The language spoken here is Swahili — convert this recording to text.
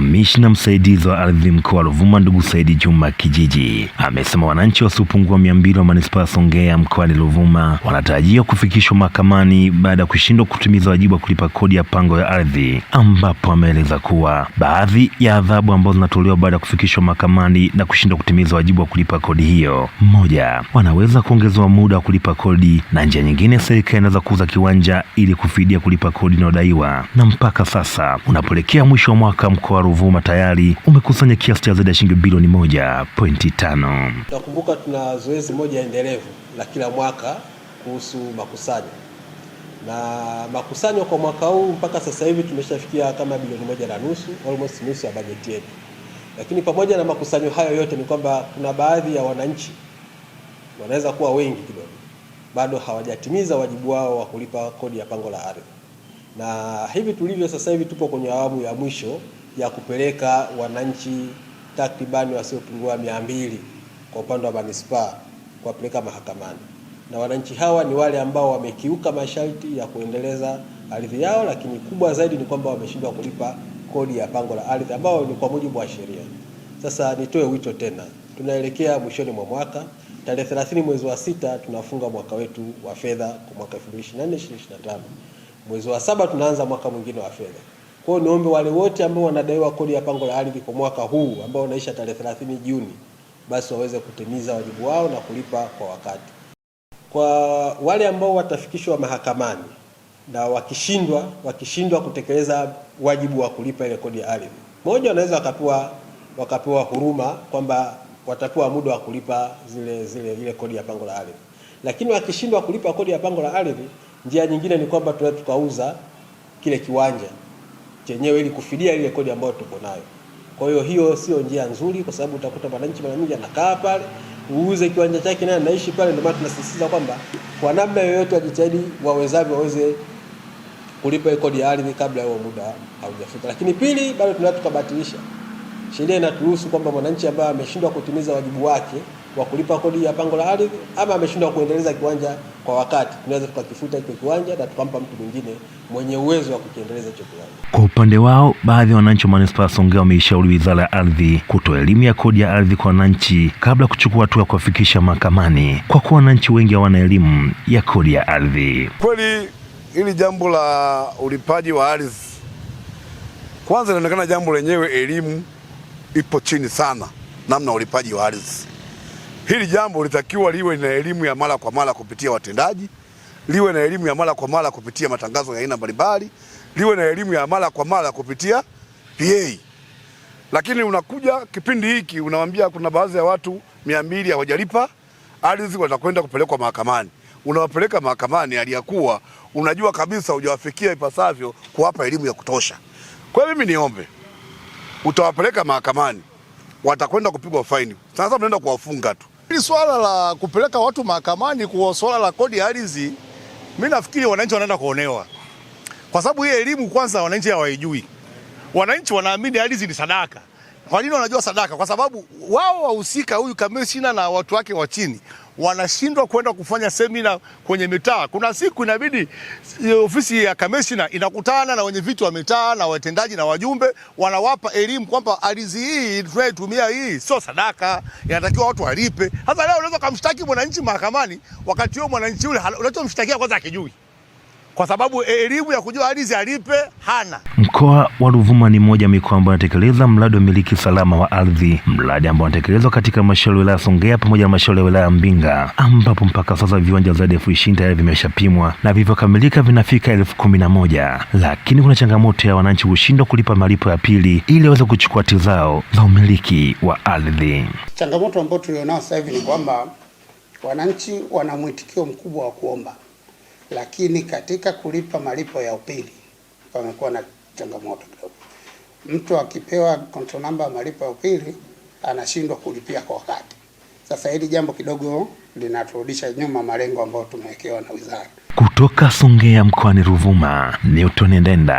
Kamishna msaidizi wa ardhi mkoa wa Ruvuma ndugu Saidi Juma Kijiji amesema wananchi wasiopungua mia mbili wa manispaa Songea mkoani Ruvuma wanatarajiwa kufikishwa mahakamani baada ya kushindwa kutimiza wajibu wa kulipa kodi ya pango ya ardhi, ambapo ameeleza kuwa baadhi ya adhabu ambazo zinatolewa baada ya kufikishwa mahakamani na kushindwa kutimiza wajibu wa kulipa kodi hiyo, moja, wanaweza kuongezewa muda wa kulipa kodi, na njia nyingine serikali inaweza kuuza kiwanja ili kufidia kulipa kodi inayodaiwa, na mpaka sasa unapoelekea mwisho wa mwaka mkoa Ruvuma tayari umekusanya kiasi cha zaidi ya shilingi bilioni moja pointi tano. Tunakumbuka tuna zoezi moja endelevu la kila mwaka kuhusu makusanyo na makusanyo kwa mwaka huu mpaka sasa hivi tumeshafikia kama bilioni moja na nusu, almost nusu ya bajeti yetu. Lakini pamoja na makusanyo hayo yote, ni kwamba kuna baadhi ya wananchi wanaweza kuwa wengi kidogo, bado hawajatimiza wajibu wao wa kulipa kodi ya pango la ardhi, na hivi tulivyo sasa hivi tupo kwenye awamu ya mwisho ya kupeleka wananchi takribani wasiopungua mia mbili kwa upande wa manispaa kuwapeleka mahakamani, na wananchi hawa ni wale ambao wamekiuka masharti ya kuendeleza ardhi yao, lakini kubwa zaidi ni kwamba wameshindwa kulipa kodi ya pango la ardhi ambao ni kwa mujibu wa sheria. Sasa nitoe wito tena, tunaelekea mwishoni mwa mwaka, tarehe 30 mwezi wa sita tunafunga mwaka wetu wa fedha kwa mwaka 2024 2025. Mwezi wa saba tunaanza mwaka mwingine wa fedha. Kwa hiyo niombe wale wote ambao wanadaiwa kodi ya pango la ardhi kwa mwaka huu ambao unaisha tarehe 30 Juni, basi waweze kutimiza wajibu wao na kulipa kwa wakati. Kwa wale ambao watafikishwa mahakamani na wakishindwa wakishindwa kutekeleza wajibu wa kulipa ile kodi ya ardhi, moja, wanaweza wakapewa wakapewa huruma kwamba watapewa muda wa kulipa zile zile ile kodi ya pango la ardhi, lakini wakishindwa kulipa kodi ya pango la ardhi, njia nyingine ni kwamba tunaweza tukauza kile kiwanja chenyewe ili kufidia ile kodi ambayo tuko nayo. Kwa hiyo hiyo sio njia nzuri, kwa sababu utakuta mwananchi mara nyingi anakaa pale, uuze kiwanja chake naye anaishi pale. Ndio maana tunasisitiza kwamba kwa namna yoyote wajitahidi wawezavyo waweze kulipa kodi ya ardhi kabla huo muda haujafika. Lakini pili, bado tunataka tukabatilisha. Sheria inaturuhusu kwamba mwananchi ambaye ameshindwa kutimiza wajibu wake wa kulipa kodi ya pango la ardhi ama ameshindwa kuendeleza kiwanja kwa wakati, tunaweza tukakifuta hicho kiwanja na tukampa mtu mwingine mwenye uwezo wa kukiendeleza hicho kiwanja. Kwa upande wao, baadhi ya wananchi wa manispaa Songea wameishauri wizara ya ardhi kutoa elimu ya kodi ya ardhi kwa wananchi kabla kuchukua hatua kuwafikisha mahakamani, kwa kuwa wananchi wengi hawana elimu ya kodi ya ardhi. Kweli hili jambo la ulipaji wa ardhi, kwanza inaonekana jambo lenyewe elimu ipo chini sana, namna ulipaji wa ardhi Hili jambo litakiwa liwe na elimu ya mara kwa mara kupitia watendaji, liwe na elimu ya mara kwa mara kupitia matangazo ya aina mbalimbali, liwe na elimu ya mara kwa mara kupitia PA. Lakini unakuja kipindi hiki unawambia kuna baadhi ya watu mia mbili hawajalipa ardhi, watakwenda kupelekwa mahakamani. Unawapeleka mahakamani aliyakuwa unajua kabisa hujawafikia ipasavyo kuwapa elimu ya kutosha. Kwa hiyo mimi niombe, utawapeleka mahakamani, watakwenda kupigwa faini. Sasa mnaenda kuwafunga tu. Hili swala la kupeleka watu mahakamani kwa swala la kodi ya ardhi, mimi nafikiri wananchi wanaenda kuonewa, kwa sababu hii elimu kwanza wananchi hawaijui. Wananchi wanaamini ardhi ni sadaka. Kwanini wanajua sadaka? Kwa sababu wao wahusika, huyu kamishina na watu wake wa chini wanashindwa kwenda kufanya semina kwenye mitaa. Kuna siku inabidi eh, ofisi ya kamishina inakutana na wenye vitu wa mitaa na watendaji na wajumbe, wanawapa elimu kwamba ardhi hii tunayetumia hii sio sadaka, inatakiwa watu walipe. Sasa leo unaweza kumshtaki mwananchi mahakamani, wakati huo mwananchi yule unachomshtakia kwanza akijui kwa sababu e, elimu ya kujua ardhi alipe hana. Mkoa wa Ruvuma ni mmoja mikoa ambayo inatekeleza mradi wa miliki salama wa ardhi, mradi ambao unatekelezwa katika halmashauri ya wilaya Songea pamoja na halmashauri ya wilaya Mbinga, ambapo mpaka sasa viwanja zaidi ya elfu ishirini tayari vimeshapimwa na vilivyokamilika vinafika elfu kumi na moja lakini kuna changamoto ya wananchi kushindwa kulipa malipo ya pili ili waweze kuchukua hati zao za umiliki wa ardhi. Changamoto ambayo tulionao sasa hivi ni kwamba wananchi wana mwitikio mkubwa wa kuomba lakini katika kulipa malipo ya upili pamekuwa na changamoto kidogo. Mtu akipewa control number ya malipo ya upili anashindwa kulipia kwa wakati. Sasa hili jambo kidogo linaturudisha nyuma malengo ambayo tumewekewa na wizara. Kutoka Songea mkoani Ruvuma, Newton Ndenda.